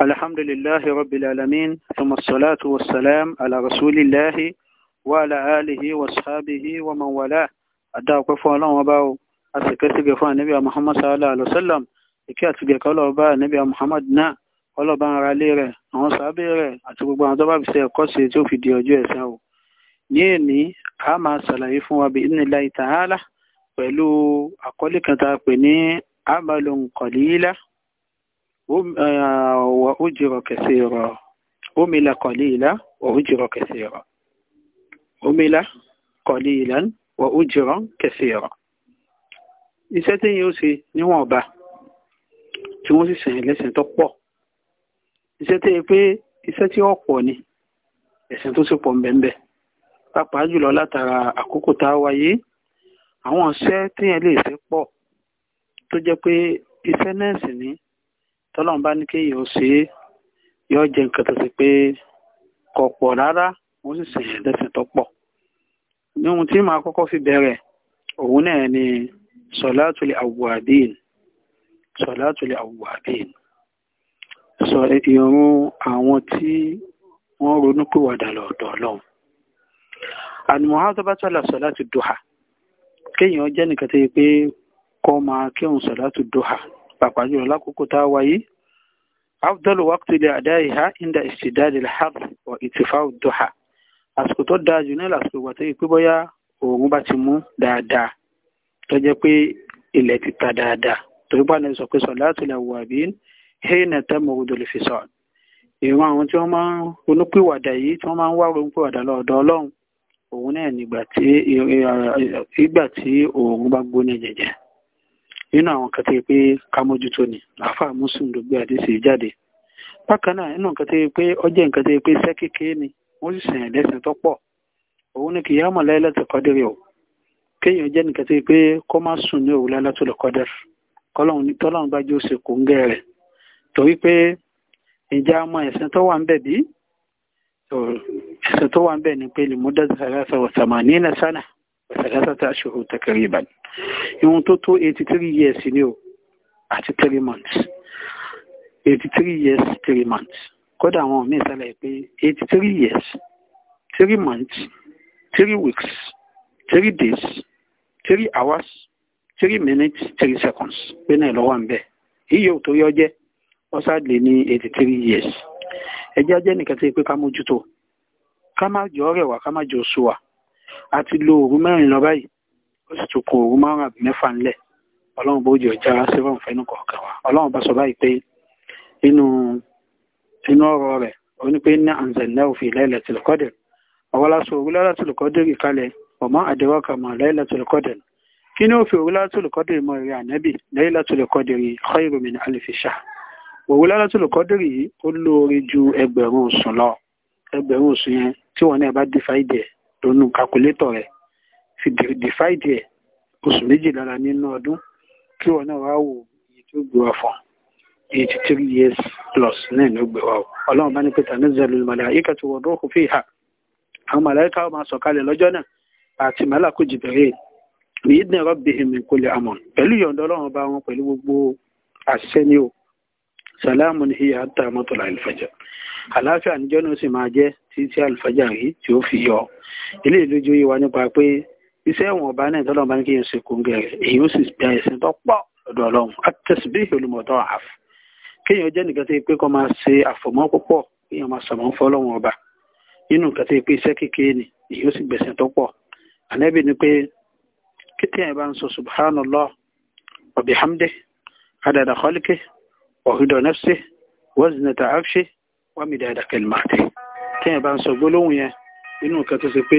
الحمد لله رب العالمين ثم الصلاة والسلام على رسول الله وعلى آله وصحابه ومن والاه أدعو كفو الله وباو أسكسك فان نبي محمد صلى الله عليه وسلم ìkí àti gẹ̀kọ́ lọ́wọ́ bá níbi Muhammad náà ọlọ́ba ara ilé rẹ̀ àwọn sábẹ́ rẹ̀ àti gbogbo àwọn tó bá fi ṣe ẹ̀kọ́ sí tí ó fi di ọjọ́ ẹ̀san o ní èní a máa ṣàlàyé fún wa bí idhnillahi ta'ala pẹ̀lú àkọlé kan tá a pè ní amalun qalila وأجر كثيرا أمل قليلا وأجر كثيرا أمل قليلا وأجر كثيرا iṣẹ́ tí yóò ṣe níwọ̀n ọba tí wọ́n sì sẹ̀yìn lẹ́sìn tó pọ̀ iṣẹ́ tí pé iṣẹ́ tí ọ̀pọ̀ ni ẹ̀sìn tó sì pọ̀ ńbẹ̀ńbẹ̀ pàápàá jùlọ látara àkókò tá a wáyé àwọn iṣẹ́ tí yẹn lè ṣe pọ̀ tó jẹ́ pé iṣẹ́ náà sì tọ́lọ́n bá ní kéèyàn ó ṣe é yọ jẹ nǹkan tó ṣe pé kò pọ̀ rárá wọ́n sì ṣèyàn lẹ́sìn tó pọ̀ ní ohun tí màá kọ́kọ́ fi bẹ̀rẹ̀ òun náà ni sọ̀látùlẹ̀ àwùwàbíìn sọ̀látùlẹ̀ àwùwàbíìn sọ ìrun àwọn tí wọ́n ronú pé wàdà lọ́dọ̀ ọlọ́run àlùmọ́hátóbátà là sọ̀látù dùhà kéèyàn jẹ́ nìkan tó yẹ pé kọ́ máa kéhùn sọ̀látù dùhà pàápàá jùlọ lákòókò tá a wáyé afdal waqti li adaiha inda istidad al-harr wa ittifa'u ad-duha àsìkò tó dáa jù náà lásìkò ìgbà tó yẹ pé bóyá oòrùn bá ti mú dáadáa tó jẹ́ pé ilẹ̀ ti ta dáadáa torí bá ní sọ pé salatul awabin hina tamurudul fisal ìran àwọn tí wọ́n máa ń ronúpìwàdà yìí tí wọ́n máa ń wá ronúpìwàdà lọ́dọ̀ ọlọ́run òun náà nígbà tí òòrùn bá gbóná jẹjẹ nínú àwọn kan tí pé ká mójútó ni àáfàá Muslim ló gbé àdéṣe jáde bákan náà nínú nǹkan tí pé ọjọ́ nǹkan tí pé iṣẹ́ kékeré ni wọ́n sì sìn ẹ̀lẹ́sìn tó pọ̀ òun ni kìí yàmọ̀ Lailatul Qadr o kéèyàn jẹ́ nǹkan tí pé kó má sùn ní òwúlẹ̀ Lailatul Qadr tọ́lọ́run bá jó ṣe kòńgẹ́ rẹ̀ torí pé ìjà ọmọ ẹ̀sìn tó wà ń bí ẹ̀sìn tó wà ń ni pé lèmúdà sàlásà wọ̀sàmà ní nàṣánà sàlásà tá a ṣòro tẹkẹrì ìbàdàn ìwọ̀n tó tó eighty three years ni o àti three months 83 years 3 months kódà àwọn míì sálẹ̀ pé eighty years 3 months 3 weeks 3 days 3 hours 3 minutes 3 seconds pé náà lọ́wọ́ ń bẹ̀ iye ò tó yọ jẹ́ ọ̀sàdé ní eighty years ẹjẹ́ ajẹ́ nìkan tó yẹ pé ká mójútó ká má jọ rẹ̀ wá ká má jọ sùn wá a lo òru mẹ́rin lọ báyìí ó sì tún kù òru márùn àbí mẹ́fà ńlẹ̀ ọlọ́run bó jẹ́ ọjà sẹ́fọ̀n fẹ́nu kọ̀ọ̀kan wa ọlọ́run bá sọ báyìí pé inú inú ọ̀rọ̀ rẹ̀ ó ní pé ní anzalnahu fi laylatil qadr ọ̀wọ́ la sọ òru laylatil qadr kalẹ̀ ọ̀mọ́ adraka ma laylatil qadr kí ni ó fi òru laylatil qadr mọ ìrìn ànábì laylatil qadr khairu min alfi shahr òru laylatil qadr yìí ó lóore ju ẹgbẹ̀rún oṣù lọ ẹgbẹ̀rún oṣù yẹn tí wọn náà bá dífáìdì ẹ̀ lónú kakulétọ̀ rẹ̀ fi dìfáìdì ẹ̀ oṣù méjì lára nínú ọdún kí wọn náà wá wò iye tí ó gbé wa fún eighty three years plus náà ni ó gbé wa o ọlọ́run bá ní pé tàní zẹlẹ̀ malaikatu wa ruhu fiha àwọn màláìka ó máa sọ̀kalẹ̀ lọ́jọ́ náà àti màláìkú jìbẹ̀rẹ̀ ní ìdílé rabbihim min kulli amr pẹ̀lú yọ̀ǹda ọlọ́run bá wọn pẹ̀lú gbogbo àṣẹ ni o salamun hiya hatta matla al àlàáfíà níjọ́ náà sì máa jẹ́ títí àlùfájà yìí tí ó fi yọ ilé ìlú ju yìí wá nípa pé iṣẹ́ ìwọ̀n ọba náà tọ́lọ́ bá ní kí n ṣe kóńgẹ́ rẹ̀ èyí ó sì gba ẹ̀sìn tó pọ̀ lọ́dọ̀ ọlọ́run àtẹ̀síbí olùmọ̀tọ́ àf kéèyàn jẹ́ nìkan tó yẹ pé kó máa ṣe àfọ̀mọ́ púpọ̀ kéèyàn máa sọ̀mọ́ fọ́ lọ́wọ́n ọba nínú nǹkan tó yẹ pé iṣẹ́ kékeré ni èyí ó sì gbẹ̀sìn tó pọ̀ ànẹ́bì ni pé kété yẹn bá ń sọ subhanallah wa bihamdi adada khalqi wa rida nafsi wa zinata arshi wa midada bá ń sọ gbólóhùn yẹn nínú nǹkan tó ṣe pé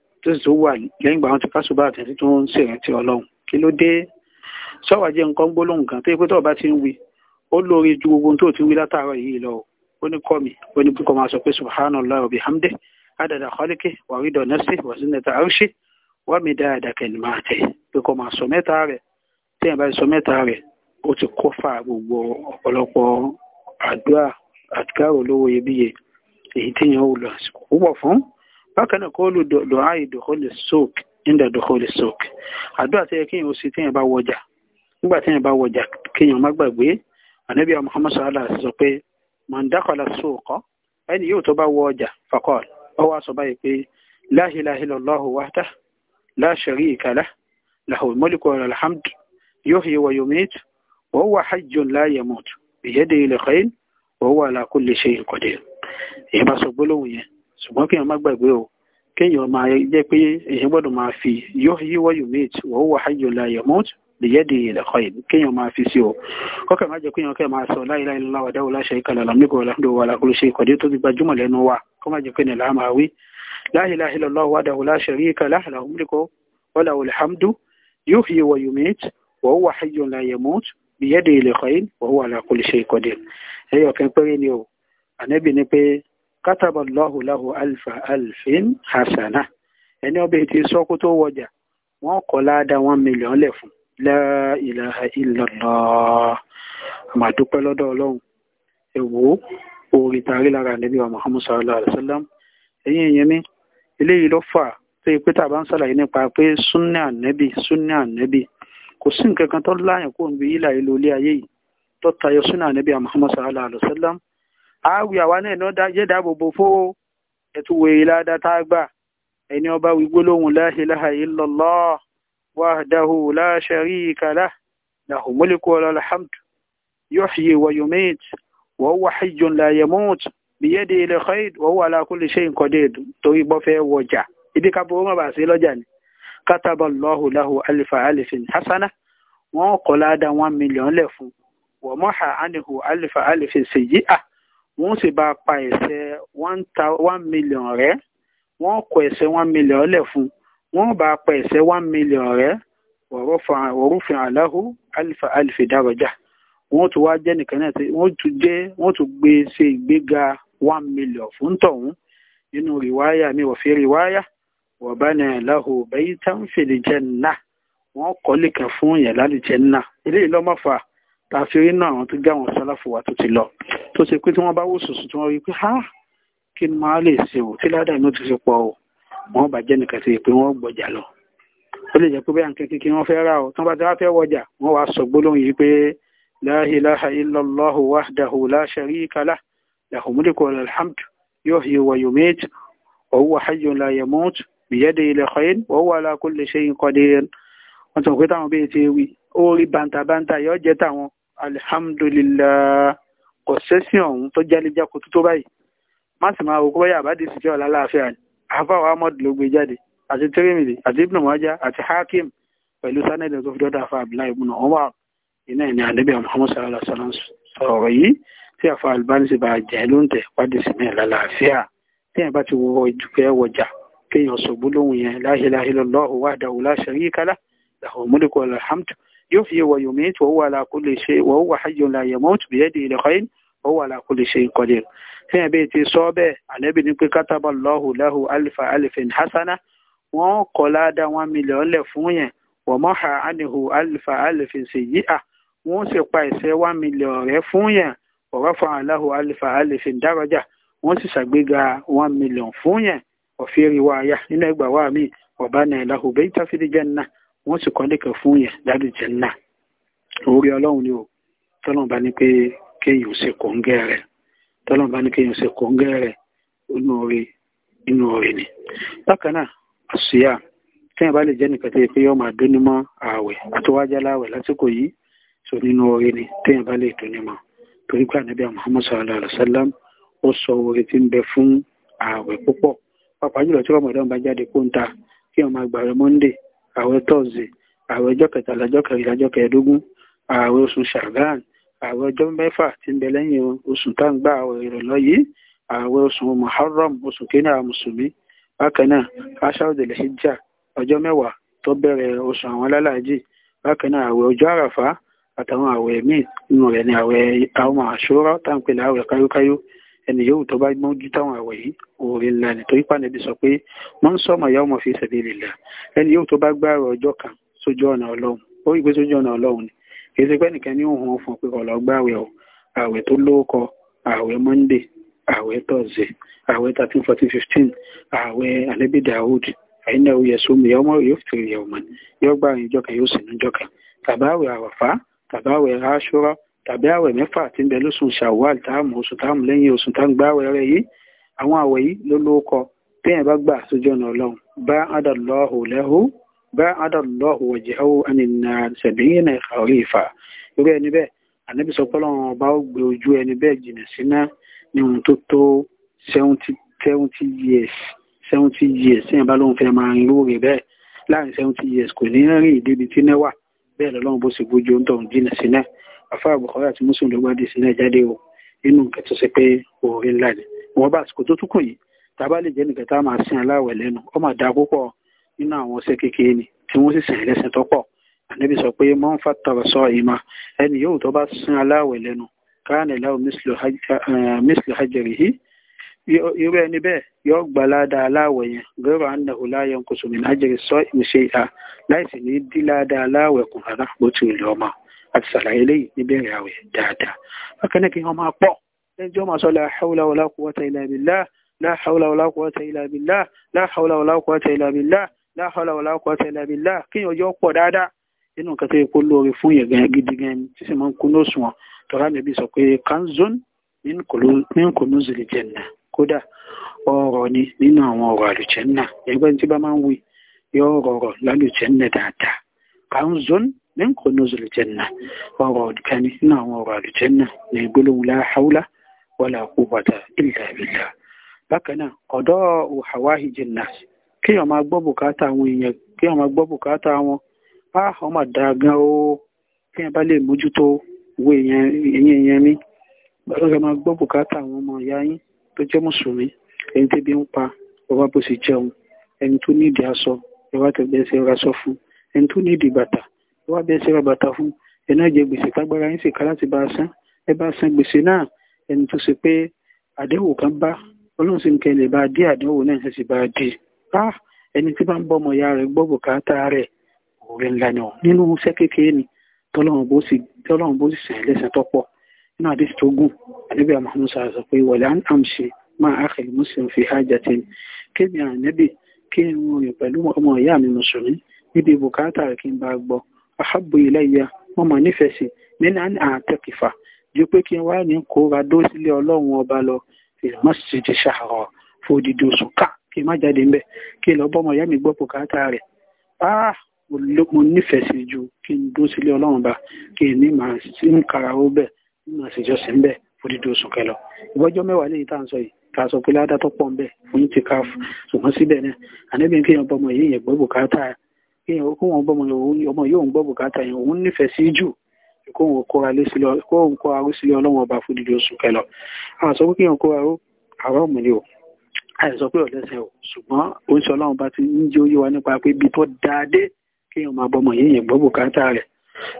tó sì tó wà lẹ́yìn ìgbà wọn ti kásù bá àtẹ̀sí tó ń ṣèrántí ọlọ́run kí ló dé sọ́wọ́ jẹ́ nǹkan gbólóhùn kan tó yẹ pé tó bá ti ń wí ó lórí ju gbogbo tó ti wí látàárọ̀ yìí lọ ó ní kọ́ mi ó ní kọ́ máa sọ pé subhanallah wa bihamdihi adada khaliki wa rida nafsi wa zinata arshi wa midada kalimati pé kọ́ máa sọ mẹ́ta rẹ̀ tí yẹn bá sọ mẹ́ta rẹ̀ ó ti kó fà gbogbo ọ̀pọ̀lọpọ̀ àdúrà àtikárò lówó iyebíye èyí tí yẹn ó lọ àsìkò púpọ̀ fún bákan náà kó lù dùá ìdòkólè sóòk nígbà dòkólè sóòk àdúrà tẹ́yẹ kí èèyàn ó sì téèyàn bá wọjà nígbà téèyàn bá wọjà kéèyàn má gbàgbé ànábì Muhammad sallallahu alaihi sọ pé man dakhala suqa ẹni yóò tó bá wọ ọjà faqal ó wá sọ báyìí pé la ilaha illallahu wahdahu la sharika lahu lahul mulku wa lahul hamdu yuhyi wa yumitu wa huwa hayyun la yamutu biyadihi al-khayr wa huwa ala kulli ṣùgbọ́n kéèyàn má gbàgbé o kéèyàn máa jẹ́ pé èyàn gbọ́dọ̀ máa fi yọ yíwọ́ yumit wọ́n wà áyò la yamut lèyẹ́dì ìlẹ̀kọ́ yìí kéèyàn máa fi sí o kọ́kẹ́ má jẹ́ kéèyàn kẹ́ máa sọ la ilaha illallah wahdahu la sharika lahu lámìkọ́ ọ̀làǹdó wa làkúrò ṣe ìkọ̀dé tó ti gbajúmọ̀ lẹ́nu wa kọ́ má jẹ́ pé nìlá máa wí la ilaha illallah wahdahu la kátàbà lọ́hùláhù alfa alfin hasana ẹni ọbẹ̀ tí sọ́kú tó wọjà wọ́n kọ́ láàdá one million lẹ̀ fún la ilaha illallah àmà dúpẹ́ lọ́dọ̀ ọlọ́run ẹ̀wò orí tàrí lára níbi wa muhammad sallallahu alaihi wa sallam ẹ̀yìn ìyẹn mi eléyìí ló fà pé pé tàbá ń sàlàyé nípa pé súnnà ànẹ́bì súnnà ànẹ́bì kò sí nǹkan kan tó láyàn kó ń gbé ilà ìlú ilé ayé yìí tó tayọ súnnà ànẹ́bì muhammad sallallahu alaihi wa sallam àwì àwa náà lọ́dá yẹ́dá gbogbo fó ẹ̀tù wèrè ládá tá gbà ẹni ọba wí gbólóhùn la ilaha illallah wahdahu la sharika lah lahul mulku wa lahul hamd yuhyi wa yumit wa huwa hayyun la yamut biyẹ́dẹ̀ ilẹ̀ khayd wa huwa ala kulli shay'in qadir torí bọ́ fẹ́ wọjà ibi ká bọ́ mọ́ bà sí lọ́jà ni kataballahu lahu alifa alifin hasana wọn kọ̀ one million lẹ̀ fún wa maha anihu alifa alifin sayyi'ah wọ́n sì bá a pa ẹ̀ṣẹ̀ one million rẹ́ wọ́n kọ ẹ̀ṣẹ̀ one million lẹ̀ fún wọ́n bá a pa ẹ̀ṣẹ̀ one million rẹ́ wọ̀rọ̀fin aláhu alifa alifi dárọjà wọ́n tún wá jẹ́ nìkan náà wọ́n tún jẹ́ wọ́n tún gbé ṣe ìgbéga one million fún tọ̀hún nínú rìwáyà mi wọ̀ fi rìwáyà wọ̀ bá ní aláhu bẹ́yì tá ń fèlè jẹ́ nà wọ́n kọ́lé kan fún yẹn lálẹ́ jẹ́ nà eléyìí lọ́mọ́fà tàfi náà àwọn tó gá wọn sálàfù wa tó ti lọ tó ṣe pé tí wọ́n bá wò sùsù tí wọ́n rí pé ha kí ni máa lè ṣe o tí ládàá inú ti fi pọ̀ o wọ́n bá jẹ́ nìkan sí pé wọ́n gbọ́jà lọ ó lè jẹ́ pé bẹ́ẹ̀ nǹkan kékeré wọ́n fẹ́ rà o tí bá ti wá fẹ́ wọjà wọ́n wá sọ gbólóhùn yìí pé la ilaha illallah wahdahu la sharika lahu lahul mulku wa lahul hamdu wa yumitu la yamut biyadihi al-khayr wa huwa ala kulli shay'in wọ́n sọ pé táwọn bẹ́ẹ̀ ti wí ó rí bàǹtàbàǹtà yóò jẹ́ táwọn alhamdulillah kò sẹ́sìn ọ̀hún tó jáléjáko tó tó báyìí má sì máa wòkó báyà àbádé sì jẹ́ ọ̀la láàfíà ni àfáwọ̀ ahmad ló gbé jáde àti tirimidi àti ibn maja àti hakim pẹ̀lú sanadi tó fi dọ́dọ̀ àfa abdullahi ibn umar iná ìní àdébẹ̀ muhammad sallallahu alaihi wasallam sọ̀rọ̀ yìí tí àfa albani sì bá jẹ́ ló ń tẹ̀ wádìí sí mi ọ̀la láàfíà téèyàn bá ti wọ ìdúpẹ́ wọjà kéèyàn sọ gbólóhùn yẹn la ilaha illallahu wahdahu la sharika lahu lahul mulku يحيي ويميت وهو على كل شيء وهو حي لا يموت بيده الخير وهو على كل شيء قدير fún ẹ̀bẹ̀ tí sọ bẹ́ẹ̀ ànẹ́bì ní pé kátàbà lọ́hùn lẹ́hùn alifa alifin hasana wọ́n kọ́ ládàá wọn mílíọ̀n lẹ̀ fún yẹn wọ́n mọ́ ha anihu alifa alifin sì yí à wọ́n sì pa ìṣẹ́ wọn mílíọ̀n rẹ̀ fún yẹn ọ̀rọ̀ fún aláhùn alifa alifin dárọ́jà wọ́n sì ṣàgbéga wọn mílíọ̀n fún yẹn ọ̀fẹ́rì wáyà nínú ẹgbàá wa mi ọ̀bánà ìlàhùn bẹ́ẹ̀ tàfídíjẹ́ náà wọ́n sì kọ́lé kan fún yẹn láti jẹ́ nà orí ọlọ́run ni o tọ́lọ́n ní pé kéèyàn ṣe kòńgẹ́ rẹ̀ tọ́lọ́n ní kéèyàn ṣe kòńgẹ́ rẹ̀ inú orí inú orí ni. bákan náà àṣìyà téèyàn bá lè jẹ́ nìkan tó pé yóò máa dún nímọ̀ ààwẹ̀ àtúwájá láwẹ̀ lásìkò yìí sọ nínú orí ni téèyàn bá lè dún nímọ̀ torí pé ànábì Muhammad sallallahu alaihi wasallam ó sọ orí tí ń bẹ fún ààwẹ̀ púpọ̀ pàápàá jùlọ tí Ramadan bá jáde kó kí wọ́n máa gbààwẹ̀ Monday ààwẹ̀ tọ́ọ̀sì ààwẹ̀ ọjọ́ kẹtàlá ọjọ́ kẹrìnlá ọjọ́ kẹẹ̀ẹ́dógún ààwẹ̀ oṣù ṣàgán ààwẹ̀ ọjọ́ mẹ́fà tí ń bẹ lẹ́yìn oṣù tá ń gba ààwẹ̀ ìrọ̀lọ́ yìí ààwẹ̀ oṣù muharram oṣù kínní àwọn mùsùlùmí bákan náà aṣáòdìlẹ̀ hijjah ọjọ́ mẹ́wàá tó bẹ̀rẹ̀ oṣù àwọn alálàájì bákan náà ààwẹ̀ ọjọ́ àràfá àtàwọn ààwẹ̀ míì nínú rẹ̀ ni ààwẹ̀ àwọn àṣúrà tá ń pè láàwẹ̀ káyókáyó ẹni yóò tó bá mójú táwọn àwẹ̀ yìí òòrè ńlá ni torí pàǹdẹ́bí sọ pé wọ́n ń sọ̀mọ̀ ìyá ọmọ fi sabilillah ẹni yóò tó bá gbààrọ̀ ọjọ́ kan sójú ọ̀nà ọlọ́run ó rí pé sójú ọ̀nà ọlọ́run ni kì í ṣe pé nìkan ní òun fún pé ọ̀lọ́ gbààwẹ̀ o àwẹ̀ tó lóókọ àwẹ̀ monday àwẹ̀ thursday àwẹ̀ thirteen fourteen fifteen àwẹ̀ anabi daoud àyínà òye sómi ìyá ọmọ yóò fi ìyá ọmọ yóò gbààrọ̀ ìjọ kan yóò sì ní ìjọ kan tàbáwẹ̀ àwàfá tàbáwẹ̀ aṣúrà tàbí àwẹ̀ mẹ́fà tí ń bẹ lóṣù ṣàwàl táàmù oṣù táàmù lẹ́yìn oṣù tá ń gbá wẹ́rẹ́ yìí àwọn àwẹ̀ yìí ló lóko téèyàn bá gbà sójú ọ̀nà ọlọ́run bá adàlọ́hù lẹ́hù bá adàlọ́hù wọ̀jẹ̀hù ànínà sẹ̀bíyìn náà ìkàwé ìfà irú ẹni bẹ́ẹ̀ ànábì sọ pọ́lọ́ wọn bá gbé ojú ẹni bẹ́ẹ̀ jìnà síná ní ohun tó tó seventy years seventy years téèyàn bá lóun fẹ́ máa rin afá àbùkọ́rẹ́ àti mùsùn ló gbádìí sílẹ̀ jáde o nínú nǹkan tó ṣe pé òòrè ńlá ni wọn bá àsìkò tó tún kù yìí tá a bá lè jẹ́ nìkan tá a máa sin aláwẹ̀ lẹ́nu ó máa da púpọ̀ nínú àwọn ọṣẹ kékeré ni tí wọ́n sì sìn ẹlẹ́sìn tó pọ̀ ànábì sọ pé mọ́n fà tọrọ sọ ìmọ̀ ẹni yóò tó bá sin aláwẹ̀ lẹ́nu káàní láwù mísìlì hajjẹrì yìí irú ẹni bẹ́ẹ̀ yóò gbà ládàá aláwẹ̀ yẹn gbẹ́rọ àndàwò láyọ̀ nkùsùn mi sọ ìmìṣe ìhà láìsí ní dí ládàá aláwẹ̀ kùn rárá bó ti lè ọmọ àti sàlàyé lẹ́yìn níbẹ̀rẹ̀ àwẹ̀ dáadáa bákan náà kí wọ́n máa pọ̀ ẹjọ́ máa sọ la hawla wala quwwata illa billah la hawla wala quwwata illa billah la hawla wala quwwata illa billah la hawla wala quwwata illa billah kí ọjọ́ pọ̀ dáadáa inú nǹkan tó yẹ kó lóore fún yẹn gan gidi gan tí sì máa ń kún lóṣù wọn tọ́lá nàbí sọ pé kanzun min kunuzil janna kódà ọ̀rọ̀ من كنوز الجنة وأراد كان إثنى وأراد الجنة نقول لا حول ولا قوة إلا بالله بكنا قضاء حوائج الناس kí ọmọ agbọ́ bùkátà àwọn èèyàn kí ọmọ agbọ́ bùkátà wọn bá ọmọ dá gan o kí ẹ bá lè mójútó owó èèyàn èèyàn mi ọmọ máa gbọ́ bùkátà àwọn ọmọ ìyá yín tó jẹ́ mùsùlùmí ẹni tí bí ń pa ọba bó ṣe jẹun ẹni tó nídìí aṣọ ẹwà tẹ̀gbẹ́sẹ̀ raṣọ fún ẹni tó nídìí bàtà wá bẹ́ẹ̀ ṣe ra bàtà fún ẹ náà jẹ gbèsè tágbára yín sì ká láti bá a san ẹ bá san gbèsè náà ẹni tó ṣe pé àdéhùn kan bá ọlọ́run sì ń kẹ́ lè bá a dé àdéhùn náà sì bá a dé bá ah! ẹni tí bá ń bọ́ ọmọ ìyá rẹ̀ gbọ́ bùkátà rẹ̀ òwe ńlá ni ọ̀ nínú iṣẹ́ kékeré ni tọ́lọ́run bó sì sẹ̀ lẹ́sẹ̀ tọ́pọ̀ nínú àdéhùn tó gùn àdébíà Muhammad sọ̀rọ̀ sọ pé wọ̀lẹ́ ahabu iléyà ya mà nífẹ̀ẹ́ sí nínú àtẹkìfà ju pé kí n wá ní kóra dó ọlọ́run ọba lọ ìmọ̀sídìí ṣàrọ̀ fòdìdì oṣù ká kí n má jáde ńbẹ kí n lọ bọ́mọ ìyá mi gbọ́ bùkátà rẹ̀ ah, mo nífẹ̀ẹ́ ju kí n ọba kí n ní màá sí ń ní màá sì ta sọ pé ládàá tó pọ̀ ń bẹ̀ fún ti káf ṣùgbọ́n síbẹ̀ náà kí wọn gbọ́mọ ọmọ yóò ń gbọ́ bùkátà yẹn òun nífẹ̀ẹ́ sí jù kó òun kóra ró sílé ọlọ́wọ́n ọba fún dídí oṣù kẹlọ àṣọ pé kí wọn kóra ró àárọ̀ mi ni o àìsọ pé ọ̀lẹ́sẹ̀ o ṣùgbọ́n oúnjẹ ọlọ́run bá ti ń jẹ́ oyé wa nípa pé ibi tó dáadé kí wọn máa bọ́mọ yẹn yẹn gbọ́ bùkátà rẹ̀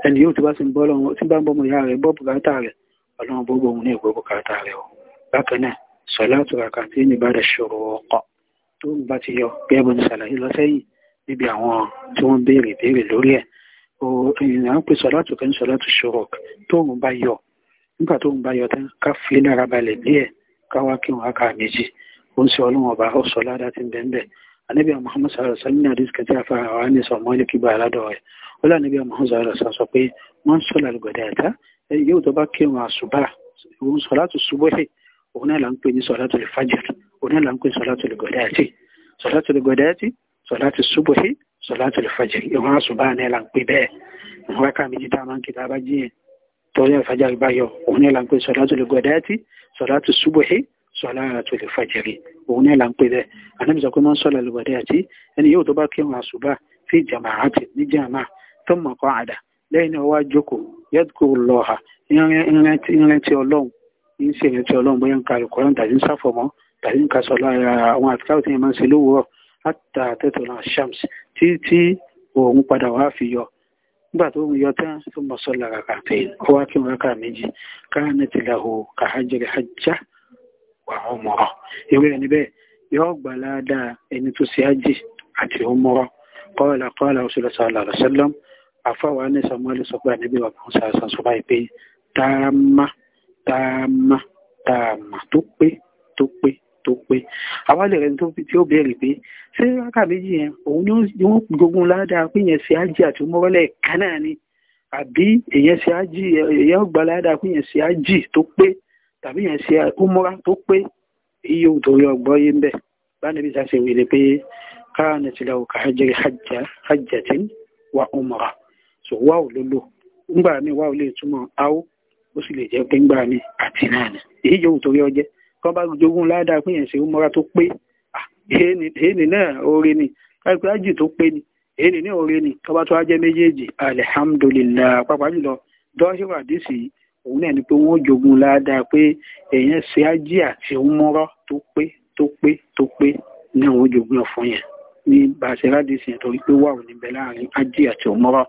ẹni yóò ti bá sì ń bọ́ lọ́wọ́ tí bá ń bọ́mọ ìyá rẹ̀ gbọ́ bùkátà rẹ̀ ọlọ́run bó bùkátà rẹ̀ o bákan náà sọ̀lá níbi àwọn tó ń béèrè ìbéèrè lórí ẹ̀ ènìyàn ń pè sọ̀látù kẹ́ ń sọ̀látù ṣòrọ̀k tóun bá yọ nígbà tóun bá yọ tán ká fi lára balẹ̀ díẹ̀ ká wá kí wọn ká méjì ó ń sọ ọlọ́wọ́n ọba ó sọ ládá ti ń bẹ́ẹ̀ bẹ́ẹ̀ anabi muhammad sallallahu alaihi wasallam hadith kẹtẹ afa àwọn ẹni sọ mọ́lẹ̀ kí bá aládọ́ rẹ̀ ó lé anabi muhammad sallallahu alaihi wasallam sọ pé wọ́n ń sọ lálùgbẹ̀dẹ̀ ẹ̀ta yóò tó bá kí wọn àṣùbà òun sọ̀látù sọ̀láti ṣubúhí sọ̀láti fàjìrì ìwọ̀n àṣùbá ní ẹ̀là ń pè bẹ́ẹ̀ ìwọ̀n wákà méjì tá a máa ń kí tábà jíyàn torí àfàjà ìbáyọ òun ní ẹ̀là ń pè sọ̀láti lè gọ̀dáàtì sọ̀láti ṣubúhí sọ̀láti lè fàjìrì òun ní ẹ̀là ń pè bẹ́ẹ̀ anábìsọ pé máa ń sọ̀lá lè gọ̀dáàtì ẹni yóò tó bá kí wọn àṣùbá fi jama'ati ní jàmá tó mọ̀ kọ́ àdá lẹ́yìn ọwọ́ àjòkó yẹ́dùkú lọ́ha ìrántí ọlọ́run ń ṣe ìrántí ọlọ́run bóyá àtà àtẹ̀tọ̀lá shams títí òun padà wá fi yọ nígbà tó ń yọ tán tó mọ̀ sọ́lá kàkà tẹ̀yìn ó wá kí wọn kà méjì káàní tìlà hù kàhájẹrẹ hajjá wà ọmọrọ ìwé ẹni bẹ́ẹ̀ yọ gbà ládàá ẹni tó ṣe ájì àti ọmọrọ kọ́ọ̀lá kọ́ọ̀lá òṣèlú sallallahu tó pé àwálẹ̀ rẹ̀ tí ó béèrè pé ṣé rákà méjì yẹn òun ni wọ́n jogún ládàá pé yẹn ṣe ájì àti mọ́rọ́lẹ̀ kan náà ni àbí èyàn ṣe ájì èyàn gbà ládàá pé yẹn ṣe ájì tó pé tàbí yẹn ṣe umura tó pé iye òtòrí ọgbọ́n yé ń bẹ̀ báńdẹ́bí ṣàṣẹ wèlé pé káàní tilẹ̀ òkà hajjẹ́rì hajjatin wa umura so wà ó lólò ńgbà mi wà ó lè túmọ̀ áwó ó sì lè jẹ́ pé ńgbà mi àti náà ni èyí yóò torí ọjẹ́ kan bá jogún ládàá pé yẹn ṣe ó mọ́ra tó pé èèní náà oore ni káàpẹ́ ájì tó pé ni èèní náà oore ni tó bá tó wá jẹ́ méjèèjì alihamudulilayi pàápàá jùlọ dọ́ṣẹ́wà dísì òun náà ni pé wọ́n jogún ládàá pé èèyàn ṣe ájì àti mọ́ra tó pé tó pé tó pé ní àwọn jogún ọ̀fun yẹn ní bàṣẹ́rà dísì yẹn torí pé wà ò níbẹ̀ láàrin ájì àti mọ́ra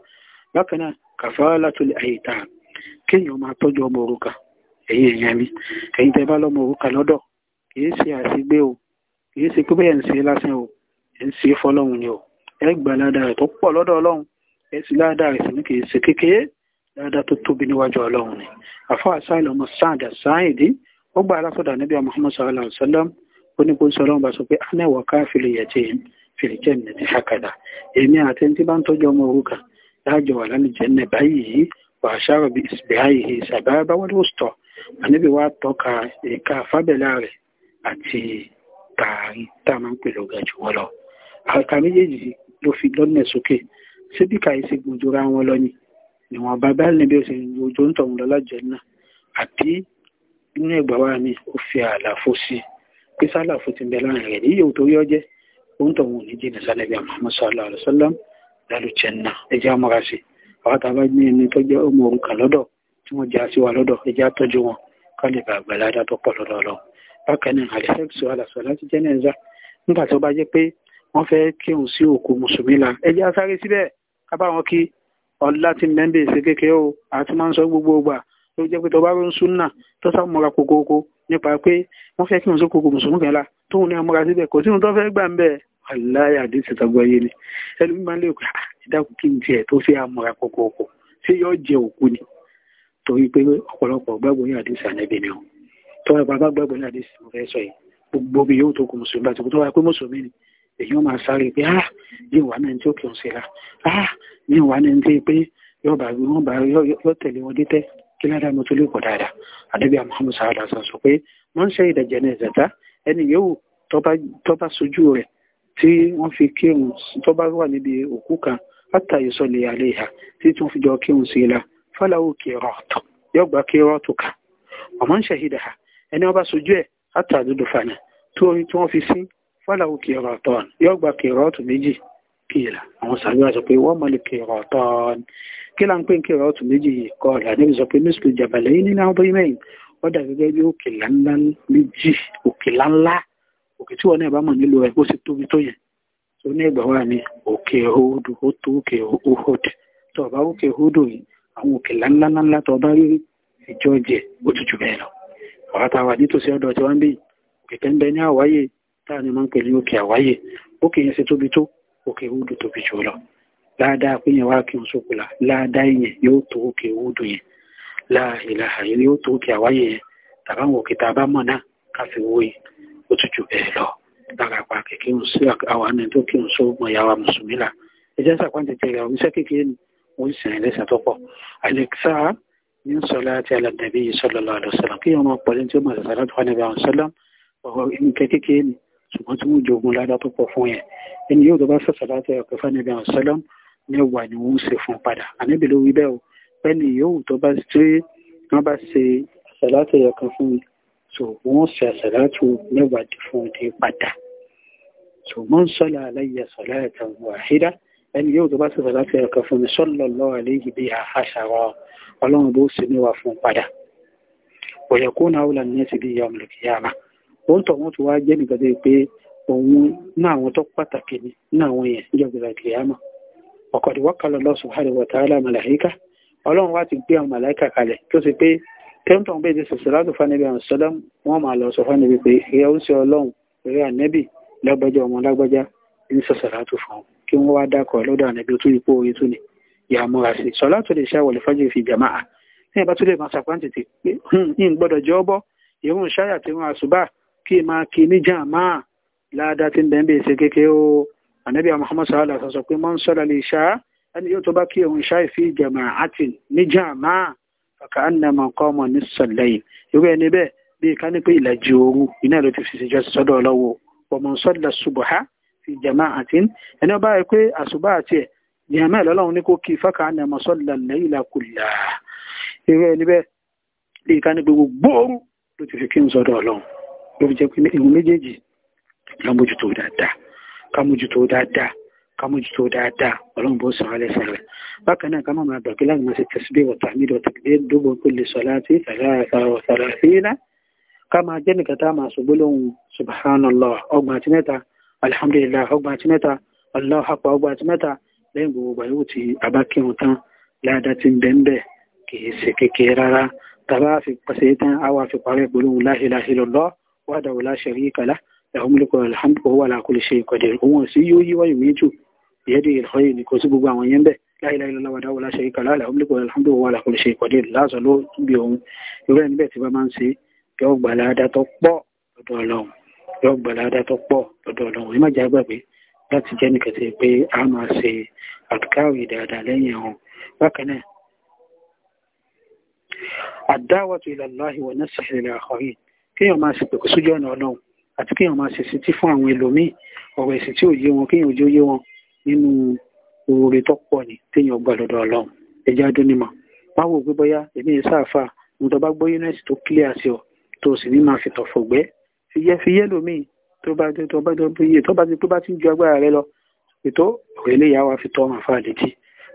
bákan náà kàfàrà látòlẹ̀ àyíká ẹ̀yin èèyàn mi ẹ̀yin tẹ́ bá lọ́mọ òrùka lọ́dọ̀ kìí ṣe àṣegbé o kìí ṣe pé bẹ́ẹ̀ ń ṣe lásán o ẹ̀ ń ṣe fọlọ́run ni o ẹ gbà ládàá rẹ̀ tó pọ̀ lọ́dọ̀ ọlọ́run ẹ sì ládàá rẹ̀ sì ní kìí ṣe kékeré ládàá tó tóbi níwájú ọlọ́run ni àfọ àṣàlẹ̀ ọmọ sáàdà sáàdì ó gbà aláfọ̀dà níbi Muhammad sallallahu alaihi wasallam ó ní kó ń sọ ọlọ́run bá àníbi wá tọ́ka ìka fábẹ́lá rẹ̀ àti tààrí tá a máa ń pè lọ́gà jù wọ́n lọ àka méjèèjì ló fi lọ́nà sókè síbi kàí sí gbòjòra wọn lọ ni ìwọ̀n bàbá níbi ó sì ń tọ̀hún lọ náà àbí nínú ẹgbà wa ni ó fi àlàfo sí pé sálàfo ti ń bẹ láàrin rẹ̀ níyẹ̀wò torí ọjẹ́ ó ń tọ̀hún ní jìnnà sálẹ̀bí Muhammad sallallahu alaihi wasallam lálùjẹ́ náà ẹjẹ́ amúra sí àwọn tàbá ní ẹni tó ọmọ òrukàn lọ́dọ̀ tí wọ́n já sí wa lọ́dọ̀ ẹjá tọ́jú wọn ká lè bá àgbàládá tó pọ̀ lọ́dọ̀ lọ bákan náà àlẹ́sẹ̀kùsọ alàsọ láti jẹ́nẹ̀ẹ́sà nígbà tó bá jẹ́ pé wọ́n fẹ́ kírun sí òkú mùsùlùmí la ẹjá sáré síbẹ̀ ká bá wọn kí ọlá ti ń bẹ́ńbẹ́ ṣe kékeré o àti máa ń sọ gbogbo ìgbà tó jẹ́ pé tó bá rún súnà tó sá múra kokoko nípa pé wọ́n fẹ́ kírun sí òkú mùsùlùmí kan tó ń bẹ́ẹ̀ torí pé ọ̀pọ̀lọpọ̀ gbàgbọ́ ní àdìsí ànẹ́bí ni ọ tọ́wọ́ bàbá gbàgbọ́ ní àdìsí mo fẹ́ sọ yìí gbogbo bí yóò tó kù mùsùlùmí bá ti kú tọ́wọ́ pé mùsùlùmí ni èyí máa sáré pé ah yóò wá náà tí ó kì í ṣe la ah yóò wá náà tí pé yóò bá wọn bá yóò tẹ̀lé wọn dé tẹ́ kí ládàá mo tó lè pọ̀ dáadáa àdébí Muhammad sàádà sàn sọ pé wọ́n ń ṣe ìdàjẹ́ ní ìzẹ̀ta ẹni yóò tọ́ba sojú rẹ̀ tí wọ́n fi kírun tọ́ba wà níbi òkú kan látàyè sọ lè alẹ́ ìhà tí fọláwò kìrọ̀tù yóò gba kìrọ̀tù kan ọmọ ń ha ẹni ọba sojú ẹ àtàdúdú fana tó orin tí wọ́n fi sí fọláwò kìrọ̀tù yóò gba kìrọ̀tù méjì kìlà àwọn sàbíwá sọ pé wọ́n mọ̀lẹ̀ kìrọ̀tù kìlà ń pè kìrọ̀tù méjì yìí kọ́ ọ̀là níbi sọ pé mísìlù jàbàlẹ̀ yìí nínú àwọn bóyá mẹ́rin ó dà gẹ́gẹ́ bí òkìlà ńlá méjì òkìlà ńlá òkè tí wọn náà bá mọ̀ nílò ẹ̀ bó ṣe tóbi tó yẹn tó ní ẹgbàá wà ní òkè òhòdù ó tó òkè òhòdù tó ọ̀bá òkè òhòdù yìí àwọn òkè ńláńláńlá tó bá rí ìjọ jẹ ó tutù bẹ́ẹ̀ lọ ọ̀rọ̀ tá a wà nítòsí ọ̀dọ̀ tí wọ́n ń bí òkè ń bẹ ní àwáyé tá a ní máa ń pè ní òkè àwáyé òkè yẹn ṣe tóbi tó òkè wúdù tóbi jù lọ láàdáa pé yẹn wá kí n sókòlà láàdáa yẹn yóò tó òkè wúdù yẹn láàhìlà àyè yóò tó òkè àwáyé yẹn tàbáwọn òkè tá a bá mọ̀ náà ká fi wó yìí ó tutù bẹ́ẹ̀ lọ lára pa kèké ń sí àwọn ẹni tó kí n só mọ̀ yàrá mùsùlùmí là ẹ jẹ́ sàpáǹtì tẹ̀lé àwọn iṣẹ́ kékeré ó sì rìn lẹ́sìn tó pọ̀ alexa ní sọlá àti alàdàbí sallallahu alaihi wasallam kí ọmọ pọ̀lẹ́ tí ó mọ̀ sàrà tó wà níbi àwọn sọlá ọ̀rọ̀ nǹkan kékeré ni ṣùgbọ́n tí wọ́n jogun ládá tó pọ̀ fún yẹn ẹni yóò dọ́bá sàrà tó yà kẹfà níbi àwọn sọlá ní ẹwà ni wọ́n ṣe fún padà àníbi ló wí bẹ́ẹ̀ o ẹni yóò dọ́bá tí wọ́n bá ṣe sàrà tó yà kan fún so wọ́n ṣe sàrà tó mẹ́wàá fún ti padà ṣùgbọ́n sọlá aláyẹ sọlá ẹ̀tàn wàhídá ẹni yóò tó bá sì bàlá fi ẹ̀kọ́ fún mi sọ́lọ̀ lọ́wọ́ àléyìí bí àṣàrọ̀ ọlọ́run bó sì níwà fún padà òyẹ̀ kó náà wùlà ní ẹ̀sìn bí ìyá ọmọ lòkè yára ó ń tọ̀ wọ́n ti wá jẹ́ nìkan tó yẹ pé òun náà àwọn tó pàtàkì ni náà àwọn èèyàn níjọba ìlàkè yára ọ̀kọ̀dì wákàlọ́ lọ́sùn hàrì wọ̀tàálà màláíkà ọlọ́run wá ti gbé àwọn màláíkà kalẹ̀ tó sì pé tẹ́ńtọ̀ bẹ́ẹ̀ ti sọ̀sọ̀ láti fánibí àwọn sọ́dọ̀ wọ́n máa lọ sọ fánibí pé ìyá ó ń ṣe ọlọ́run ìrẹ́ ànẹ́bì lágbájá ọmọ lágbájá ń sọ̀sọ̀ láti fún un kí wọ́n wá dákọ̀ lọ́dọ̀ ànàbí tó ipò orí tó ní ìyá múra sí sọlá tó lè ṣàwọlé fájì fi jàmá à ní ẹ̀bá tó lè máa sàpá tètè pé ń hmm, gbọ́dọ̀ jẹ́ ọ́bọ́ ìrún ṣáyà tí wọ́n àṣùbà kí máa kí ní jàmá láàdá tí ń bẹ̀ ń bẹ̀ ṣe kékeré o ànàbí Muhammad sàlá sọ pé mọ́ ń sọ́dọ̀ lè ṣá ẹni yóò tó bá kí òun ṣáì fi jàmá àti ní jàmá kàkà ànàmọ̀ kọ́ ọmọ ní sọ̀lẹ́yìn irú ẹni bẹ́ẹ̀ bíi ká fi jama'atin ẹni ọba rẹ̀ pé àṣùbà àti ẹ̀ jẹ̀mẹ́ ìlọ́lọ́run ní kó kí fákà ní mọ́sọ́lá lẹ́yìnlá kùlá irú ẹni bẹ́ẹ̀ lè ká ní gbogbo gbóòrú ló ti fi kí n sọ́dọ̀ ọlọ́run ló fi jẹ́ pé ìwé méjèèjì lámójútó dáadáa kámójútó dáadáa kámójútó dáadáa ọlọ́run bó sọ alẹ́ sẹ́rẹ̀ bákan náà ká má máa gbàgbé láti máa ṣe tẹ̀síbí wọ̀tà mídọ̀ tẹ̀lé dógbò kó lè sọ láti tàlá ká máa jẹ́ nìkan tá a máa sọ gbólóhùn subhanallah ọgbọ̀n àti mẹ́ta alhamdulillah ọgbà àti mẹ́ta allah akpa ọgbà àti mẹ́ta lẹ́yìn gbogbo ìgbà yóò ti àbá kírun tán láàdá ti ń bẹ ń bẹ kìí ṣe kékeré rárá tàbá fi pàṣẹ tán á wà fi parẹ́ gbólóhùn la ilaha illallah wahdahu la sharika lah lahul mulku wal hamdu wa huwa ala kulli shay'in qadir òun sì yóò yí wáyé méjì ìyẹ́dì ìlọ́yẹ̀ ní kò sí gbogbo àwọn yẹn bẹ́ẹ̀ la ilaha illallah wahdahu la sharika lah lahul mulku yóò gbàládá tó pọ̀ lọ́dọ̀ ọlọ́run ìmọ̀ ìjà gbàgbé láti jẹ́ nìkan tí pé a máa ṣe àtúkàwé dáadáa lẹ́yìn ọ̀hún bákan náà àdáwọ̀tò ìlàláhì wọ̀ náà sàṣẹ̀lẹ̀ àkọ́rí kéèyàn máa ṣe pẹ̀kú sójú ọ̀nà ọlọ́run àti kéèyàn máa ṣe sítí fún àwọn ẹlòmíì ọ̀rọ̀ èsì tí ò yé wọn kéèyàn ojú yé wọn nínú oore tó pọ̀ ní téèyàn gbà lọ́dọ̀ ọlọ́run ẹja dúnímọ̀ má wò pé bóyá èmi ìsáàfà mo tọ́ bá gbóyún náà sì tó kílíà sí ọ tó o sì ní máa fi tọ̀fọ̀ gbẹ́ fìyẹ́ fìyẹ́ lómi tó bá jẹ́ tó bá jẹ́ tó bá ti tó bá ti ń ju agbára rẹ lọ ètò òrèlé ìyá wa fi tọ́ ọmọ àfa létí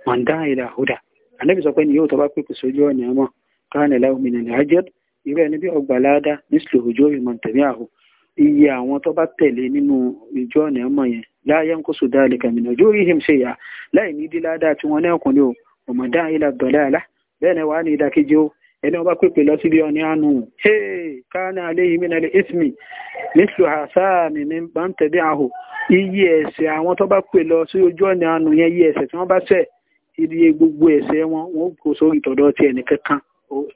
wọn dá ìlà òdà ànábì sọ pé ní yóò tó bá pèpè sójú ọ̀nà ẹ̀mọ́ káwọn ẹ̀lá omi nàlẹ́ ajẹ́ irú ẹni bí ọgbà láàdá nísìlò òjò ìmọ̀ tẹ̀lé àhò iye àwọn tó bá tẹ̀lé nínú ìjọ ọ̀nà ẹ̀mọ́ yẹn láàyè ń kó sódà lè kàmìnà ojú orí him ṣe yà láì ní dí ládàá tí wọn náà kùn o ọmọ dá ìlà dọ̀lá àlá bẹ́ẹ̀ ni wàá ní ìdákejì o ẹni ọba pèpè lọ síbi ọ̀ní àánú káàní alẹ́ yìí mìíràn lè ismi níṣù àṣàmì ní bá ń tẹ̀lé àhò iye ẹ̀ṣẹ̀ àwọn tó bá pè lọ sí ojú ọ̀ní àánú yẹn iye ẹ̀ṣẹ̀ tí wọ́n bá ṣẹ̀ iye gbogbo ẹ̀ṣẹ̀ wọn wọn kò sórí tọ̀dọ̀ ti ẹnìkan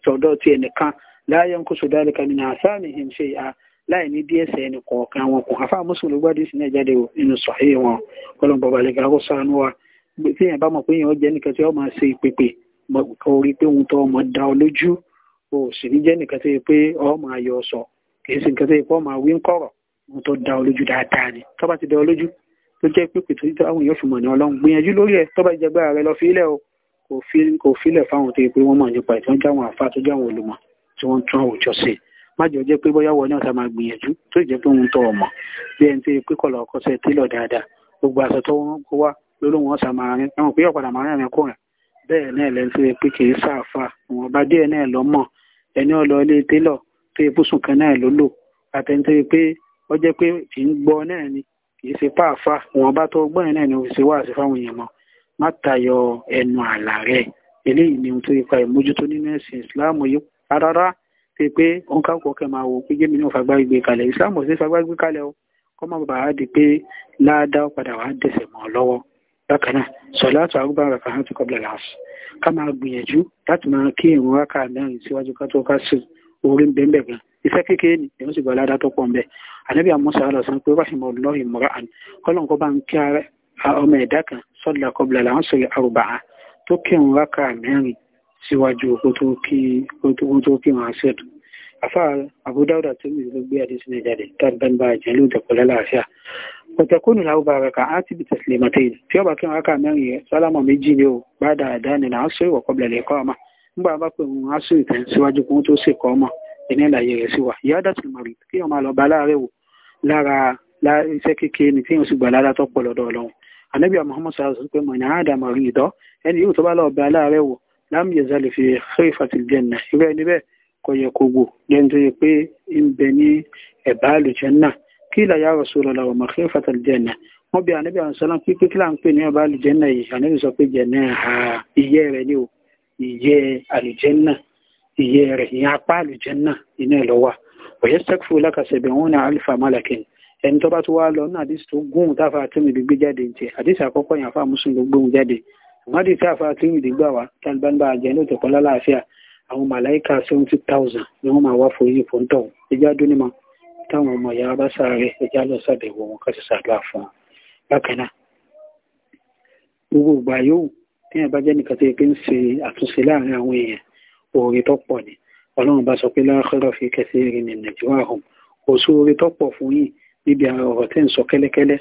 tọ̀dọ̀ ti ẹnìkan láàyè ń kó sọ̀dọ̀ àlẹ́kà ní àṣàmì hìm ṣe à láì ní díẹ̀ ẹ̀ṣẹ̀ ẹnì kọ̀ọ̀kan wọn kò àfáà mùsùlùmí gbádùn sí náà jáde nínú sàhíì wọn kọlọ̀ bọ̀bà lẹ́gàá kó sànú wa tí èèyàn bá mọ̀ pé èèyàn jẹ́ nìkan tí wọ́n máa ṣe ìpèpè kó rí pé ohun tó ọmọ dá ọ lójú o sì ní jẹ́ nìkan tó yẹ pé ọ máa yọ ọ sọ kì sì nìkan tó yẹ pé ọ máa wí ń kọ̀rọ̀ ohun tó dá ọ lójú dáadáa ni tó bá ti dá ọ lójú tó jẹ́ pípé tó yíta àwọn èèyàn fi mọ̀ ní ọlọ́run gbìyànjú lórí ẹ̀ tó bá jẹ́ gbára rẹ lọ fílẹ̀ o kò fílẹ̀ fáwọn tó yẹ pé wọ́n mọ̀ nípa ìtàn jáwọn àfa tó jáwọn olùmọ̀ tí wọ́n tún àwùjọ sí má jọ jẹ́ pé bóyá wọ náà máa gbìyànjú tó jẹ́ pé òun tọ̀ ọ̀mọ̀ bí ẹni tó yẹ pé kọ̀lọ̀ ọkọ̀ṣẹ́ télọ̀ dáadáa gbogbo aṣọ tó wọ́n kó wá lólóhùn ọ̀sà máa rìn ẹ̀wọ̀n pé ọ̀padà máa rìn ẹ̀rìn kò rìn bẹ́ẹ̀ náà lẹ́nu tó yẹ pé kì í ṣàfà ìwọ̀nba díẹ̀ náà lọ́mọ̀ ẹni ọ̀lọ́ ilé télọ̀ tó yẹ púsùn kan náà ló lò àtẹni tó yẹ pé ó jẹ́ pé kì í gbọ́ náà ni kì í ṣe pààfà ìwọ̀nba tó gbọ́ yẹn náà ni òṣìṣẹ́ wà sí fáwọn èèyàn mọ́ má tayọ ẹnu àlà rẹ̀ eléyìí ni ohun tó yẹ pa ìmójútó nínú ẹ̀sìn ìsìláàmù yìí rárá pé pé òun ká kọ̀ọ̀kẹ́ máa wò pé jẹ́mi náà fagbárí gbé kalẹ̀ ìsìláàmù ò sí fagbárí gbé kalẹ̀ o kọ́ má bàa di pé ládàá padà wàá dẹ̀sẹ̀ mọ́ ọ lọ́wọ́ bákan náà sọ̀láàtù àrúgbà rẹ̀ fàhán ti kọ́bílẹ̀ láàṣì ká máa gbìyànjú láti máa kí ìrun wákà mẹ́rin síwájú ká tó ká sí orí ń bẹ́ẹ̀ gan iṣẹ́ kékeré ni èmi sì gba aládá tó pọ̀ ń bẹ́ẹ̀ ànábì àmúṣà aláṣán pé wáṣí mọ̀ lọ́ọ̀hìn mọ́ra àná kọ́lọ́n kó bá ń kí ọmọ ẹ̀dá kan sọ́dọ̀ kọ́bílẹ̀ láàṣì àrùbà tó kí ìrun wákà mẹ́rin síwájú kó tó kí ìrun àṣẹ́dù afáàrẹ àbúdáwùdà tó mi ló gbé àdísí náà jáde tàbí bá ìjẹ́ ló jẹ̀kọ́ lálàáfíà ọ̀tẹ̀kùnù làwùbá rẹ̀ kà á ti bìtẹ̀ sílẹ̀ mọ́tẹ́yìn tí ọba kí wọn ká mẹ́rin yẹn sálámọ̀ méjì ni ó bá dáadáa nínú aṣọ ìwọ̀kọ́ bẹ̀rẹ̀ ẹ̀kọ́ ọmọ nígbà bá pè wọn aṣọ ìtẹ̀ síwájú kó tó ṣèkọ́ ọmọ ẹni ìlàyé rẹ̀ sí wa ìyá dàtí mọ̀rí kí ọmọ lọ bá láàárẹ̀ wò lára iṣẹ́ kékeré ni tí yóò sì gbà lára tó pọ̀ lọ́dọ̀ ọlọ́run ànábì Muhammad sallallahu alaihi wasallam pé mọ̀nà àdàmọ̀rí ìdọ́ ẹni yóò tó ba? lọ bá láàárẹ̀ wò láàmì yẹn zálẹ̀ fi ṣe ìfàtìlẹ́nà irú ẹni bẹ́ẹ̀ kò yẹ kó wò lẹ́nu tó yẹ pé ń bẹ ní ẹ̀bá àlùjẹ́nà kí ìlàyà Rasulullah wa ma khifatal janna wọ́n bí ànábì àwọn sọ́lá pípé kí là ń pè ní ẹ̀bá àlùjẹ́nà yìí ànábì sọ pé jẹ̀ náà ha ìyẹ́ rẹ̀ ni o ìyẹ́ àlùjẹ́nà ìyẹ́ rẹ̀ ìyẹn apá àlùjẹ́nà iná ẹ̀ lọ́wà òye sẹ́kfù lákàṣẹ̀ bẹ̀ wọ́n ní alifa malakin ẹni tó bá tó wá lọ náà àdìsí tó gún un táfà àtúmìdì gbé jáde ntì àdìsí àkọ́kọ́ yẹn àfa mùsùlùmí ló gbóhùn jáde àmọ́ àdìsí àfa àtúmìdì gbà wá tálíbánibà àjẹ́ ní òtẹ̀kọ́ lálàáfíà àwọn màláìka seventy thousand ni wọ́n máa wá foríjì fún tọ̀ ẹjá dónímọ̀ táwọn ọmọ ìyá bá sáré ẹjá lọ sàbẹ̀wò wọn kásì sàdúrà fún wọn bákan náà gbogbo ìgbà yóò téèyàn bá jẹ́ nìkan tó yẹ pé ń ṣe àtúnṣe láàrin àwọn èèyàn oore tó pọ̀ ni ọlọ́run bá sọ pé láàárọ̀ fi kẹsí rí ní nàìjíríà hàn kò sí oore tó pọ̀ fún yìí níbi àwọn ọ̀rọ̀ tẹ́ ń sọ kẹ́lẹ́kẹ́lẹ́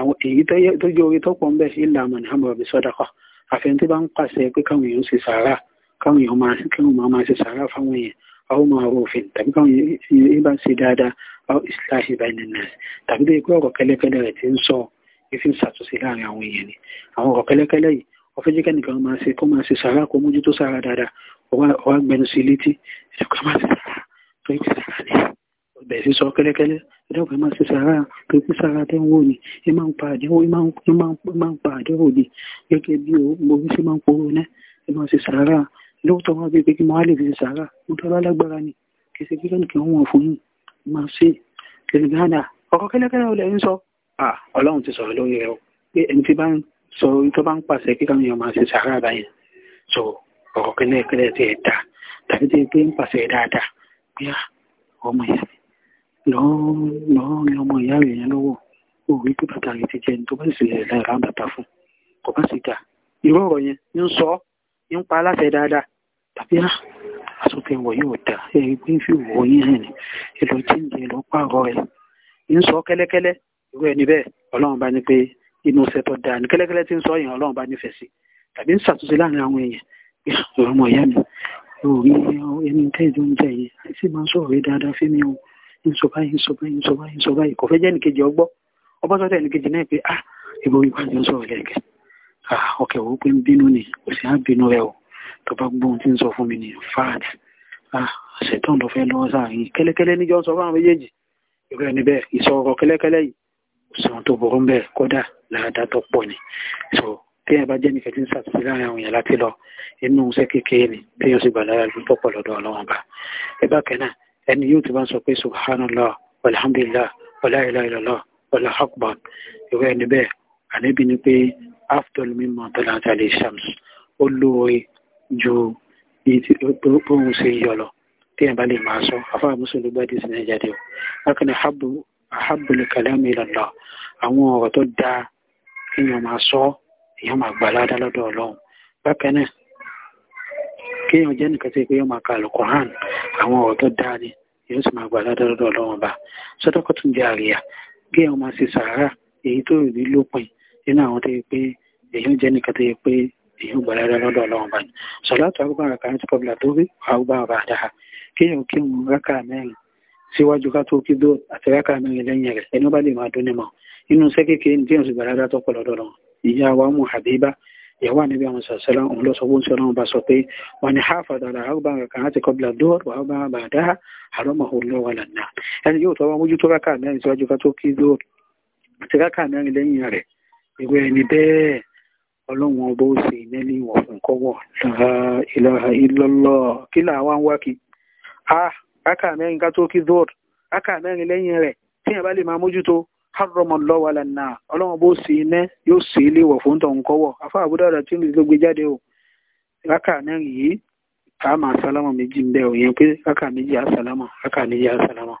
àwọn èyí tó jẹ́ oore tó pọ̀ ń bẹ̀ sí ìlànà ní àmọ̀ràn sọ́dọ̀kọ̀ àfihàn bá ń pàṣẹ pé káwọn èèyàn ṣe sàárà káwọn èèyàn máa kí wọn máa máa ṣe sàárà fáwọn èèyàn àwọn máa rò òfin tàbí káwọn si bá ṣe dáadáa àwọn islah ìbáyìí náà tàbí tó yẹ pé ọ̀rọ̀ kẹ́lẹ́kẹ́lẹ́ rẹ̀ ti ń sọ ìfi ń ṣàtúnṣe láàrin àwọn èèyàn ni àwọn ọ̀rọ̀ kẹ́lẹ́kẹ́lẹ́ yìí ọ̀fẹ́ jẹ́ kẹ́nìkan máa ṣe kó máa ṣe sàárà kó mójútó sàárà dáadáa ọwá gbẹnu sí létí ẹ̀kọ́ máa ṣe sàárà tó yẹ sàárà ni ọbẹ̀ sí sọ kẹ́lẹ́kẹ́lẹ́ ẹ̀dọ́gbẹ̀ máa ṣe sàárà tó yẹ sàárà tẹ́ ń wò ní ẹ máa ń pa àdéhùn ẹ máa ń pa àdéhùn ni gẹ́gẹ́ bí orí sí máa ń poró náà ẹ máa ṣe sàárà lóòótọ́ wọn bíi pé kí fi sàárà mo tọ́ lálágbára ni kì í ṣe kíkọ́ nìkan wọn fún yìí máa ṣe kìrìgánà ọ̀rọ̀ kẹ́lẹ́kẹ́lẹ́ ọ̀lẹ́ ń sọ ọlọ́run ti sọ̀rọ̀ lórí rẹ̀ o pé ẹni tí bá ń sọ tó bá ń pàṣẹ kíkọ́ nìyẹn máa ṣe sàárà báyẹn so ọ̀rọ̀ kẹ́lẹ́kẹ́lẹ́ ti ẹ̀ dá tàbí tí pé ń pàṣẹ dáadáa pé ọmọ ìyá lọ́ọ́ rí ọmọ ìyá rẹ̀ yẹn lọ́wọ́ ó rí pé bàtà rẹ̀ ti jẹ́ ní tó bá sì lẹ̀ láìra bàtà fún tàbí à ah, àtúntò ìwọ̀ yóò dà ẹ̀rí pé fi wọ̀ yín hàn ní èlò jíǹde èlò pààrọ̀ rẹ̀ ń sọ kẹ́lẹ́kẹ́lẹ́ irú ẹni bẹ́ẹ̀ ọlọ́run bá ní pé inú iṣẹ́ tó dáa ní kẹ́lẹ́kẹ́lẹ́ tí ń sọ yẹn ọlọ́run bá nífẹ̀ẹ́ sí tàbí ń ṣàtúnṣe láàrin àwọn èèyàn ọmọ ìyá mi orí ẹni tẹ́jọ ń jẹ yìí àìsí máa ń sọ̀rọ̀ rí dáadáa fún mi o ìsọ báyìí ìsọ báyìí ìsọ báyìí ìsọ báyìí kò fẹ́ jẹ́ nìkejì ọgbọ́ ọba sọ́tẹ̀ nìkejì náà pé ah ìbò ìgbà ni ó sọ̀rọ̀ lẹ́ẹ̀kẹ́ ah ọkẹ̀ òwò pé ń bínú ni kò sí á bínú rẹ o tó bá gbóhun tí ń sọ fún mi ní fact ah, ṣètọ́n ló fẹ́ lọ́wọ́ sáàrin kẹ́lẹ́kẹ́lẹ́ níjọ́ sọ fáwọn méjèèjì irú ẹni bẹ́ẹ̀ ìsọ̀rọ̀ kẹ́lẹ́kẹ́lẹ́ yìí sọ̀rọ̀ tó burú ń bẹ̀ kódà láàdá tó pọ̀ ni so téèyàn bá jẹ́ nìkan tí ń ṣàtúnṣe láàrin àwọn èèyàn láti lọ inú iṣẹ́ kékeré ni téèyàn sì gbà lára lóun pọ̀pọ̀ lọ́dọ̀ ọlọ́wọ́n bá ẹ bá kẹ́ náà ẹni yóò ti bá ń sọ pé subhanallah walhamdulillah wala ilaha illallah wala akbar irú ẹni bẹ́ẹ̀ àníbi ni pé afdol shams ó ju bí ti bóun ṣe yọ lọ tí ẹ̀ bá lè máa sọ afáà mùsùlùmí bá dì sí jáde o bákan náà habu ahabulu kalami lọlọ àwọn ọ̀rọ̀ tó dáa kéèyàn máa sọ èèyàn máa gbà ládá lọ́dọ̀ ọlọ́run bákan náà kéèyàn jẹ́ nìkan tí pé yóò máa ka alukoran àwọn ọ̀rọ̀ tó dáa ni yóò sì máa gbà ládá lọ́dọ̀ ọlọ́run ọba sọ́dọ́kọ̀ tún jẹ́ àríyá kéèyàn máa ṣe sàárà èyí tó rí lópin nínú àwọn tó yẹ pé èèyàn jẹ́ nìkan tó yẹ pé èyí gbọ́dọ̀ rẹ lọ́dọ̀ ọlọ́run bá ní sọ̀láàtù arúgbà rẹ̀ kàrẹ́tì kọ́bìlà dórí arúgbà ọ̀rọ̀ àdáhà kéèyàn kí wọn rákà mẹ́rin síwájú ká tó kí dóò àti rákà mẹ́rin lẹ́yìn rẹ̀ ẹni bá lè máa dún ní mọ́ inú iṣẹ́ kékeré ní tíyẹn sì gbọ́dọ̀ rẹ tọ́pọ̀ lọ́dọ̀ lọ́run ìyá wa mú Habiba ìyàwó àníbi àwọn sàṣẹlá òun lọ sọ bó ń sọ náà bá sọ pé wọn ni hafadà rà arúgbà rẹ kàrẹ́tì kọ́bìlà dóò wà arúgbà rẹ àdáhà àrọ́mọ̀ òun lọ́wọ́ lànà ẹni yóò tọ́wọ́ mójútó rákà mẹ́rin síwájú ká tó kí dóò àti rákà mẹ́rin lẹ́yìn rẹ̀ ìwé ẹni bẹ́ẹ̀ ọlọ́run ọba ó ṣe iná ní ìwọ̀fún kọ́wọ̀ la ilaha illallah kí làwọn wá kí ah aka mẹ́rin ká tó kí zod aka mẹ́rin lẹ́yìn rẹ̀ tí yẹn bá lè máa mójútó harramallahu ala nar ọlọ́run ọba ó ṣe iná yóò ṣe ilé ìwọ̀fún tó ń kọ́wọ̀ afá àbúdá ọ̀dà tí mi ló gbé jáde o aka mẹ́rin yìí ká máa sálámà méjì ń bẹ́ òyìn pé aka méjì á sálámà aka méjì á sálámà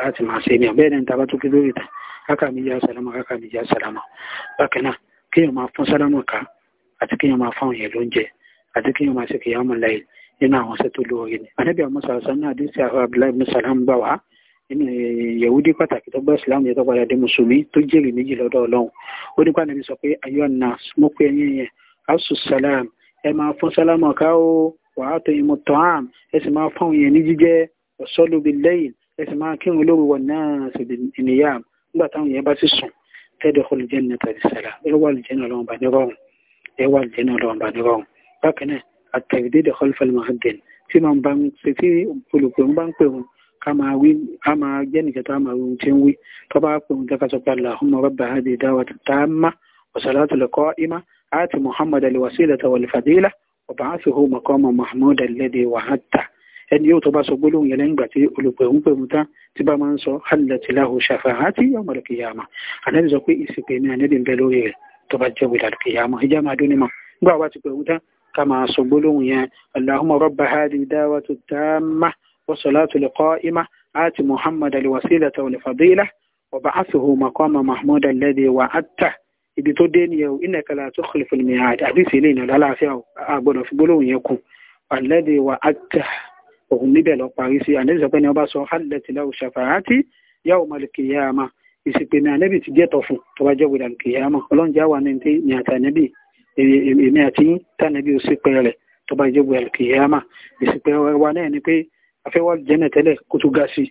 láti máa ṣe ni àbẹ́ẹ̀ ní ta bá tó kí lórí ta aka méjì á sálámà aka méjì á sálámà bákan náà kéèyàn máa fún sálámù ká àti kéèyàn máa fáwọn yẹn lóúnjẹ àti kéèyàn máa ṣe kéèyàn mọ láì nínú àwọn iṣẹ́ tó lóore ni anábìà musa sanu adisi ahọ́ abdullahi musa lamba wa nínú yahudi pàtàkì tó gbọ́ islam yẹn tó padà dé mùsùlùmí tó jèrè méjì lọ́dọ̀ ọlọ́run ó nípa nàbí sọ pé ayọ́ na mo pe ẹyin yẹn asu salam ẹ máa fún sálámù ká o wàá tó imú tọ́ám ẹ sì máa fáwọn yẹn ní jíjẹ ọ̀sọ́lùbí lẹ́yìn ẹ sì máa kírun lóru náà sì nìyà nígbà táwọn yẹn bá sì sùn tadkhul jannata bisalam ẹ wà lùjẹ́nà ọlọ́run bá nírọ̀rùn ẹ wà lùjẹ́nà ọlọ́run bá nírọ̀rùn bákan náà at-tajdid khalfal mu'addin tí màá bá ń ṣe tí olùpẹ̀ ń bá ń pè wọn ká máa wí ká máa jẹ́ nìkan máa wí tí ń wí tó bá pè wọn dákàtọ̀ pé allahumma rabba hadhihi da'wati ẹni yóò tó bá sọ gbólóhùn yẹn lẹ́yìn ìgbà tí olùpẹ̀húnpẹ̀hún tán tí bá máa ń sọ hàlẹ́tìláhù ṣàfàhátì yawmal qiyamah ànábì sọ pé ìsìnkú ẹ̀mí ànábì ń bẹ lórí rẹ̀ tó bá jẹ́ wílà qiyamah ìjà máa dún ní nígbà wá ti pẹ̀hún tán ká máa sọ gbólóhùn yẹn allahumma rabba hadhihi ibi tó dé nìyẹn o innaka la tukhlifu al-mi'ad àdìsí ilé ìnà lálàáfíà àgbọ̀dọ̀ fi gbólóhùn yẹn kù alladhi wa'adtah òun níbẹ̀ lọ parí sí ànẹ́bí sọ pé ní ọba sọ hálẹ̀ tìlẹ̀ òṣàfàràtì yá ò mọ̀lẹ̀ kìyàmà ìsìnkpèmí ànẹ́bí ti jẹ́tọ̀ fún tọba jẹ́ wìlà kìyàmà ọlọ́njà wà ní ti ní àtànẹ́bí èmi àti yín tànẹ́bí ò sí pẹ́ rẹ̀ tọba jẹ́ wìlà kìyàmà ìsìnkpè wa náà ni pé afẹ́wà jẹ́nẹ̀ tẹ́lẹ̀ kó tó ga sí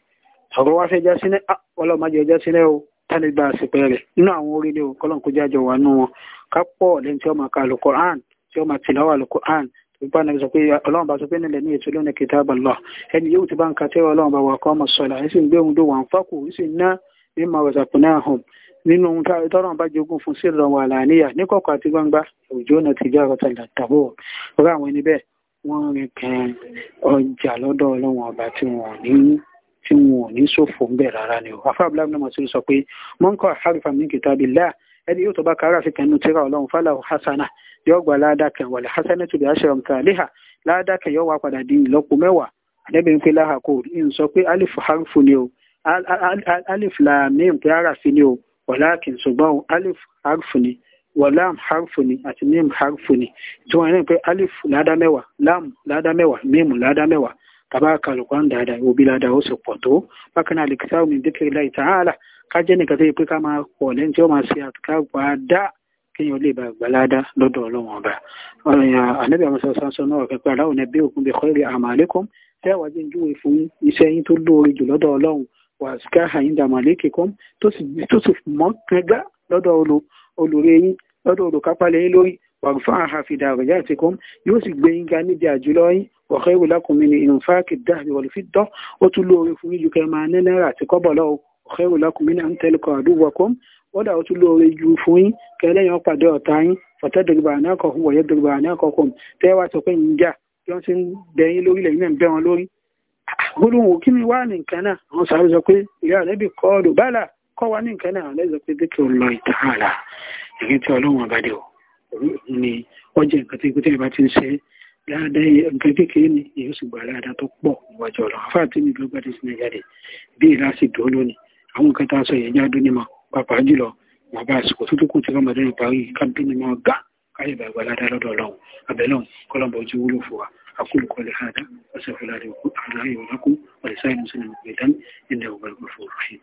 ọ̀rọ̀ wa fẹ́ já sílẹ̀ ọlọ́mọdé ọjà sílẹ̀ o tálẹ̀ gba àsìpẹ́ rẹ̀ nínú àwọn orílẹ̀ òkọlọ́nkọjá jọ wà nù wọn ká pọ̀ lẹ́yìn tí wọ́n máa ka Al-Qur'an tí wọ́n ìgbà náà sọ pé ọlọ́run bá sọ pé nílẹ̀ ní ètò lónìí kìtàbà lọ ẹni yóò ti bá ń ka tẹ́wọ́ ọlọ́run bá wà kọ́ ọmọ sọ̀lá ẹ̀ sì ń gbé ohun tó wà ń fọ́kù ó sì ná ní màwùsà pínlẹ̀ ọ̀hún nínú ohun tọ́rọ̀ bá jogún fún sí ìrọ̀rùn àlàníyà ní kọ̀kọ̀ àti gbangba òjò náà ti já ọ̀tà làtàbò ọ̀rọ̀ àwọn ẹni bẹ́ẹ̀ wọ́n rin kan ọjà lọ́dọ̀ ọlọ́run ọba yóò gba ládàkẹ́ wàlẹ̀ hasanatu bi aṣọ ọ̀mùtàlẹ́hà ládàkẹ́ yóò wá padà di ìlọ́po mẹ́wàá àdẹ́bẹ̀ ń pè láhà kò ń sọ pé alif harfu ni o alif lamim pé arafi ni o wàláàkì ṣùgbọ́n alif harfu ni wàlám harfu ni àti mim harfu ni tí wọ́n rìn pé alif ládá mẹ́wàá lam ládá mẹ́wàá mim ládá mẹ́wàá tàbá kàlùkọ́ ń dáadáa òbí ládàá ó sì pọ̀ tó bákan náà lè kí sáwọn mi dé kiri láì tàn án àlà ká jẹ́ nìkan tó yẹ pé ká kéèyàn lè bá gbalada lọ́dọ̀ ọlọ́wọ́n ọba ànábì àwọn sàṣàṣọ náà kẹpẹ aláwọ ní bí òkun bí khairi a'malikum tẹ wàá jẹ júwe fún iṣẹ́ yín tó lóore jù lọ́dọ̀ ọlọ́run wà síká àyíndà malikikum tó sì mọ kẹgbà lọ́dọ̀ olùrẹ yín lọ́dọ̀ olùkápálẹ yín lórí wàgùfà àhàfìdà àrẹyà àtìkùn yóò sì gbé yín ga níbi àjùlọ yín wọ̀kẹ́ ìwé lákùnrin ní ìrùnfáàkì dáàbì wọ̀lùfí dọ́ ó tún lóore fún kódà ó tún lóore ju fún yín kẹlẹ́yìn ọ̀pàdé ọ̀tá yín fọ̀tẹ́dẹ̀gbà náà kọ̀ọ̀kan wọ̀yẹ́dẹ̀gbà náà kọ̀ọ̀kan tẹ́wàá sọ pé ń jà bí wọ́n ti ń bẹ yín lórí lẹ́yìn náà ń bẹ wọn lórí gbólóhùn kí ni wá ní nǹkan náà àwọn sáré sọ pé ìyá rẹ bí kọ́ọ̀dù bálà kọ́ wa ní nǹkan náà lẹ́sọ pé dékè ń ni wọ́n jẹ́ nǹkan tí kúté ìbá kékeré ni èyí sì gbà dáadáa tó pọ̀ níwájú ọlọ́run afáàtì mi ló gbàdé sí nàìjáde bí ìlà sì dúró lónìí àwọn nǹkan tá a sọ yẹn jáde ní mọ́ pàápàá jùlọ bàbá àsìkò tó tókù tí ramadan parí kábínì máa ga káyè bàbá aládá lọ́dọ̀ ọlọ́run abẹ́lọ́run kọ́lọ́mbà ojú wúlò fún wa أقول قولي هذا وأستغفر الله لي ولكم ولسائر المسلمين إنه هو الغفور الرحيم